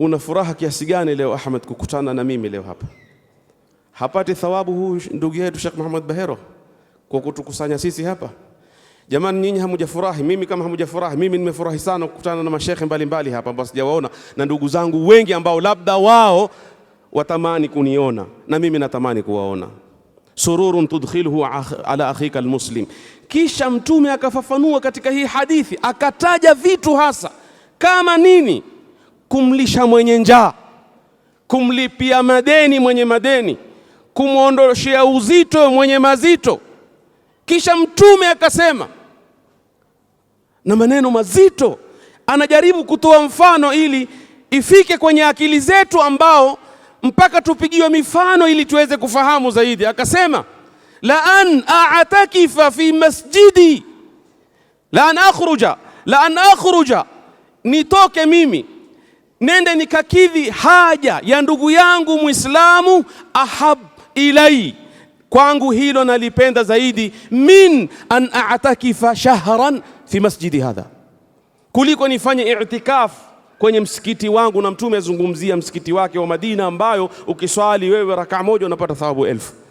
Una furaha kiasi gani leo Ahmed kukutana na mimi leo hapa? Hapati thawabu huu ndugu yetu Sheikh Muhammad Bahero kwa kutukusanya sisi hapa? Jamani, nyinyi hamujafurahi, mimi kama hamujafurahi, mimi nimefurahi sana kukutana na mashekhe mbalimbali hapa ambao sijawaona na ndugu zangu wengi ambao labda wao watamani kuniona na mimi natamani kuwaona. Sururun tudkhiluhu ala akhika almuslim. Kisha Mtume akafafanua katika hii hadithi, akataja vitu hasa kama nini kumlisha mwenye njaa, kumlipia madeni mwenye madeni, kumwondoshea uzito mwenye mazito. Kisha Mtume akasema na maneno mazito, anajaribu kutoa mfano ili ifike kwenye akili zetu, ambao mpaka tupigiwe mifano ili tuweze kufahamu zaidi. Akasema la an atakifa fi masjidi la an akhruja la an akhruja, nitoke mimi nende nikakidhi haja ya ndugu yangu Muislamu, ahab ilai kwangu hilo nalipenda zaidi min an atakifa shahran fi masjidi hadha, kuliko nifanye i'tikaf kwenye msikiti wangu. Na Mtume azungumzia msikiti wake wa Madina, ambayo ukiswali wewe rakaa moja unapata thawabu elfu.